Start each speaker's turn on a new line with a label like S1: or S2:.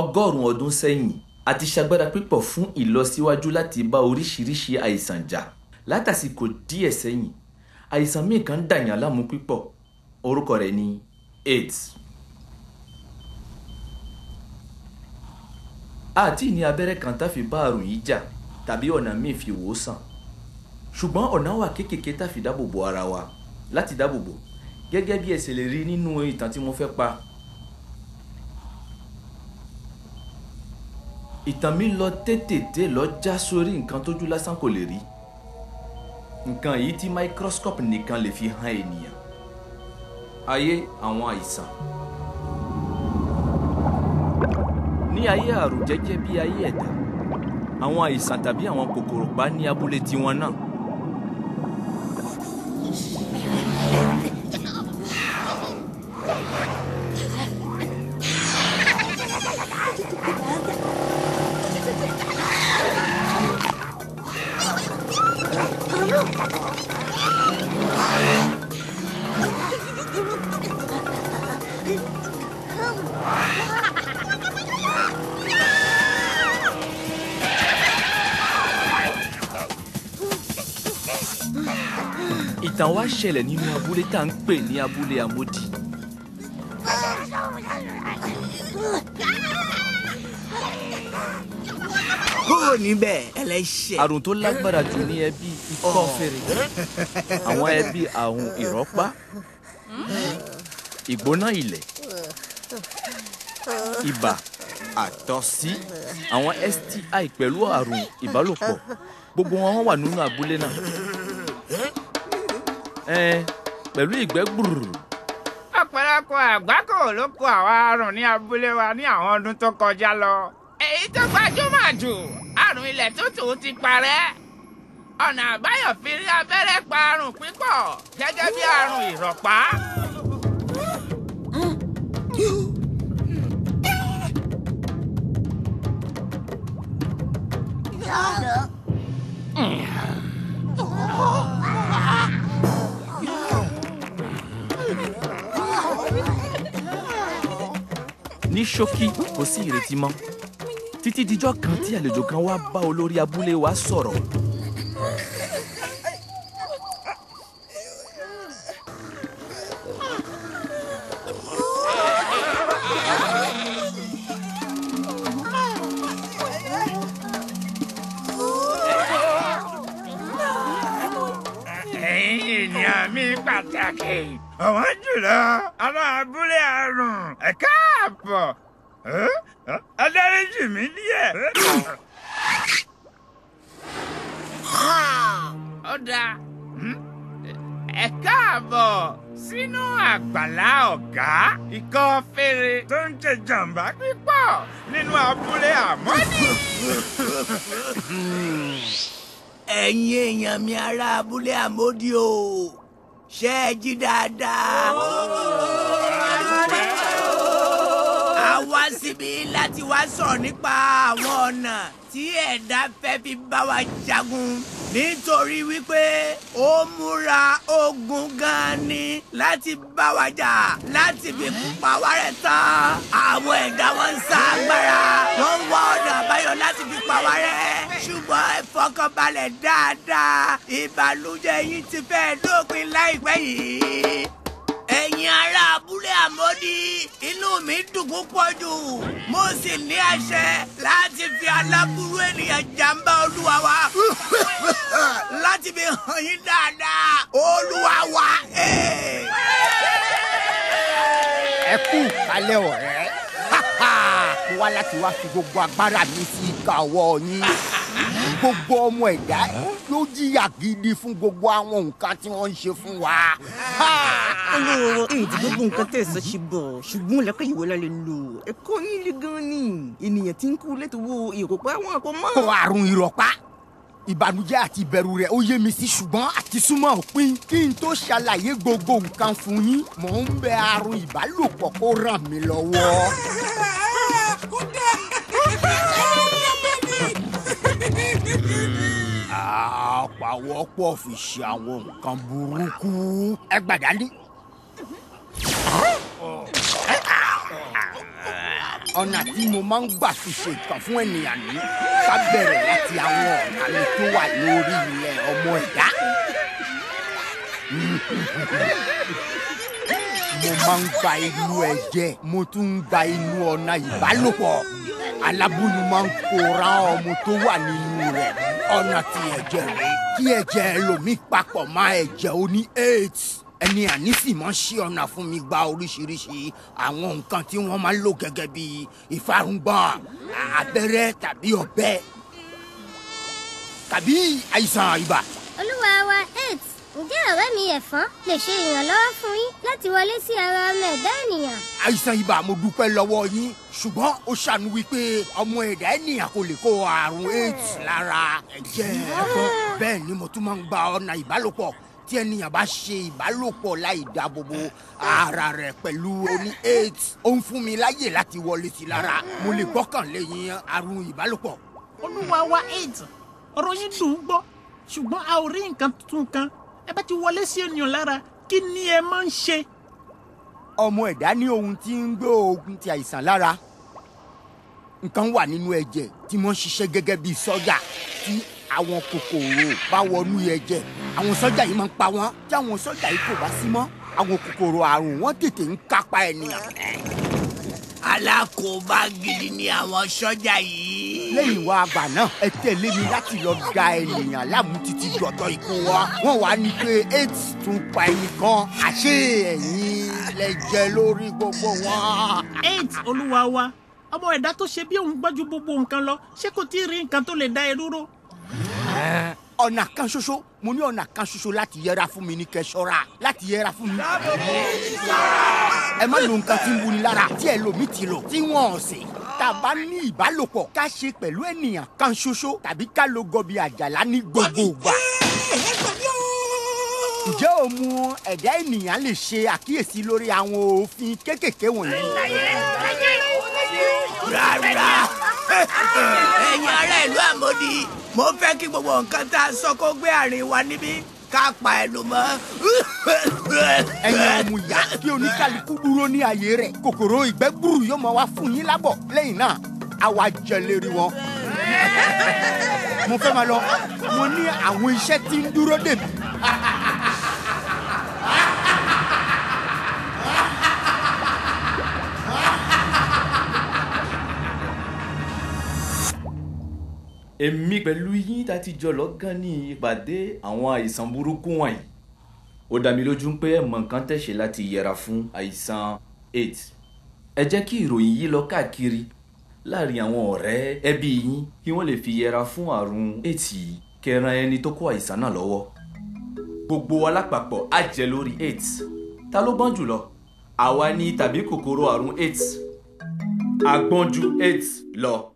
S1: ọgọ́rùn-ún ọdún sẹ́yìn a ti ṣagbára pípọ̀ fún ìlọsíwájú láti bá oríṣiríṣi àìsàn jà látàsìkò díẹ̀ sẹ́yìn àìsàn míì kan dàyàn láàmú pípọ̀ orúkọ rẹ̀ ni AIDS. àti ní abẹ́rẹ́ kan tá fi bá àrùn yìí jà tàbí ọ̀nà míì fi wò ó sàn ṣùgbọ́n ọ̀nà wà kéékèèké tá fi dáàbòbò ara wa láti dáàbòbò gẹ́gẹ́ bí ẹ lè rí nínú ìtàn tí mo fẹ́ pa ìtàn mi lọ tètè lọ já sórí nǹkan tójú lásán kò lè rí nǹkan yìí tí microscope nìkan lè fi hàn ènìyàn ayé àwọn àìsàn ní ayé àrùn jẹ́jẹ́ bí ayé ẹ̀dá àwọn àìsàn tàbí àwọn kòkòrò pa ní abúlé tiwọn náà. ìtàn wa ṣẹlẹ̀ nínú abúlé tá à ń pè ní abúlé amódì. kúrò níbẹ̀ ẹlẹ́ṣẹ̀. àrùn tó lágbára jù ní ẹbí ikọ́ fèrè àwọn ẹbí àrùn ìrọ́pá ìgbóná ilẹ̀ ibà àtọ̀sí àwọn STI pẹ̀lú àrùn ìbálòpọ̀ gbogbo wọn wà nínú abúlé náà. pẹ̀lú ìgbẹ́ gbùrù.
S2: ọ̀pọ̀lọpọ̀ àgbákò ló kó àwa àrùn ní abúlé wa ní àwọn ọdún tó kọjá lọ. èyí tó gbajúmọ̀ jù àrùn ilẹ̀ tútù ti parẹ́. ọ̀nà àbáyọ fi rí abẹ́rẹ́ pa àrùn pípọ̀ gẹ́gẹ́ bí àrùn ìrọ̀pá.
S1: ní ṣókí kò sí ìrètí mọ́ títí dijọ́ kan tí àlejò kan wá bá olórí abúlé wa sọ̀rọ̀.
S2: ẹ̀yin ènìyàn mi pàtàkì ọ̀wọ́n jùlọ ará abúlé káàbọ̀ adáríjì mi díẹ̀. ó dáa ẹ káàbọ̀ sínú àgbàlá ọ̀gá ikọ̀ fèrè tó ń jẹ jàǹbá pípọ̀ nínú abúlé àmọ́ni. ẹ̀yin èèyàn mi ará abúlé àmọ́dí o ṣé ẹ jí dáadáa a wá síbi láti wá sọ̀rọ̀ nípa àwọn ọ̀nà tí ẹ̀dá fẹ́ fi bá wa jagun nítorí wípé ó múra ogun gan ni láti bá wa jà láti fi pa wá rẹ́ tán àwọn ẹ̀dá wọn ń sa agbára wọ́n ń wá ọ̀nà àbáyọ láti fi pa wá rẹ́ ṣùgbọ́n ẹ fọkànbalẹ̀ dáadáa ìbànújẹ́ yín ti fẹ́ dópin láìpẹ́ yìí ẹ̀yin ará abúlé àmọ́dí inú mi dùn púpọ̀ jù mo sì ní àṣẹ láti fi aláburú ènìyàn jàǹbá olúwa wa láti fi hàn yín dáadáa olúwa wa.
S3: ẹ kú kálẹ̀ ọ̀rẹ́ mo wá láti wá fi gbogbo agbára mi sí ìka ọwọ́ yín gbogbo ọmọ ẹ̀dá ló jìyà gidi fún gbogbo àwọn nǹkan tí wọ́n ń ṣe fún wa. olówó èdè gbogbo nǹkan tẹ̀ sọ ṣe bọ̀ ṣùgbọ́n lẹ́kọ̀ ìwé la lè lò ẹ̀kọ́ yín le gan ni ènìyàn ti ń kú lẹ́tọ̀wọ́ ìrọ̀pá wọn kò mọ́. àrùn ìrọ̀pá ìbànújẹ́ àti ìbẹ̀rù rẹ̀ ó yé mi sí ṣùgbọ́n àti súnmọ́ òpin kí n tó ṣàlàyé gbogbo nǹkan fún yín mò ń bẹ àrùn ìbálòpọ̀ kó ràn mí lọ́wọ́. àwọn pọ̀ fi ṣe àwọn nǹkan burúkú. ẹ gbàdá ní. ọ̀nà tí mo máa ń gbà fi ṣe nǹkan fún ènìyàn ní ká bẹ̀rẹ̀ láti àwọn ọ̀nà mi tó wà lórí ilẹ̀ ọmọ ẹ̀dá. mo máa ń gba inú ẹ̀jẹ̀ mo tún ń gba inú ọ̀nà ìbálòpọ̀ aláboyún máa ń kóra ọmọ tó wà nínú rẹ̀ ọ̀nà tí ẹ̀jẹ̀ rẹ̀ kí ẹ̀jẹ̀ ẹlòmíì papọ̀ máa ẹ̀jẹ̀ ó ní aids ẹni ànísìmọ́ ṣí ọ̀nà fún mi gba oríṣiríṣi àwọn nǹkan tí wọ́n máa ń lò gẹ́gẹ́ bí ìfarungbọ̀n abẹ́rẹ́ tàbí ọ̀bẹ tàbí àìsàn ibà. olúwa wa aids ǹjẹ́ ọ̀rẹ́ mi ẹ̀fọn lè ṣe ìrànlọ́wọ́ fún yín
S2: láti wọlé sí ara ọmọ ẹ̀dá ènìyàn.
S3: àìsàn ibà mo dúpẹ́ lọ́wọ́ yín ṣùgbọ́n ó ṣàánú wípé ọmọ ẹ̀dá ènìyàn kò lè kó àrùn aids lára ẹ̀jẹ̀ ẹ̀fọn bẹ́ẹ̀ ni mo tún máa ń gba ọ̀nà ìbálòpọ̀ tí ènìyàn bá ṣe ìbálòpọ̀ láì dáàbòbò ara rẹ̀ pẹ̀lú oní aids ó ń fún mi láyè láti wọlé sí lára mo lè gbọ́kànlé yín wa aids ọ̀rọ̀ yín dùn ún gbọ́ ṣùgbọ́n a ò rí nǹkan tuntun kan ẹ bá ti wọlé sí ènìyàn lára kí ni ẹ máa ń ṣe. ọmọ ẹ̀dá ní ohun tí ń gbé ogun ti àìsàn lára nǹkan wà nínú ẹ̀jẹ̀ tí wọ́n ṣiṣẹ́ gẹ́gẹ́ bí sọ́jà tí àwọn kòkòrò bá wọnú ẹ̀jẹ̀ àwọn sọ́jà yìí máa ń pa wọ́n tí àwọn sọ́jà yìí kò bá sí mọ́ àwọn kòkòrò àrùn wọ́n tètè ń kápá ènìyàn.
S2: alákòóbá
S3: gidi ni àwọn sọ́jà yìí lẹ́yìn wa àgbà náà ẹ tẹ̀lé mi láti lọ gba ènìyàn láàmú títí dọ̀dọ̀ ikú wa wọ́n wá ní pé aids tún pa ẹnì kan àṣé ẹ̀yin lẹ jẹ lórí gbogbo wọn. aids olúwa wa ọmọ ẹ̀dá tó ṣe bí òun gbájú gbogbo nǹkan lọ ṣé kò tí ì rí nǹkan tó lè dá irú ró. ọ̀nà kan ṣoṣo mo ní ọ̀nà kan ṣoṣo láti yẹra fún mi ní kẹ́ ṣọ́ra láti yẹra fún mi. ẹ má lo nǹkan tí ń wuni lára tí ẹ lòmí ti lò tí wọ́n ọ̀sìn tá a bá ní ìbálòpọ̀ ká ṣe pẹ̀lú ènìyàn kan ṣoṣo tàbí ká lo gọbi àjàlá ní gbogbo ìgbà. ǹjẹ́ o mu ẹ̀dá ènìyàn lè ṣe àkíyèsí lórí àwọn òfin kéékèèké wọ̀nyí.
S2: rárá ẹ̀yin ará ìlú àmọ́dí mo fẹ́ kí gbogbo nǹkan tá a sọ kó gbé àárín wa níbí ká pa ẹnu mọ́. ẹ̀yin ọmọ
S3: ìyá kí oníkálukú dúró ní ààyè rẹ̀ kòkòrò ìgbẹ́ gbúrú yóò máa wá fún yín lábọ̀ lẹ́yìn náà àwa jẹlẹ́rìí wọn. mo fẹ́ máa lọ mo ní àwọn iṣẹ́ tí ń dúró dè
S1: èmi pẹ̀lú yín tá ti jọ lọ́gán ní ìpàdé àwọn àìsàn burúkú wọ̀nyí ó dá mi lójú pé ẹ̀mọ̀ nǹkan tẹ̀sẹ̀ láti yẹra fún àìsàn aids ẹ jẹ́ kí ìròyìn yìí lọ káàkiri láàrin àwọn ọ̀rẹ́ ẹbí yín kí wọ́n lè fi yẹra fún àrùn aids yìí kẹran ẹni tó kó àìsàn náà lọ́wọ́ gbogbo wa lápapọ̀ á jẹ lórí aids ta ló gbọ́n jùlọ àwa ni tàbí kòkòrò àrùn aids a ju aids lọ.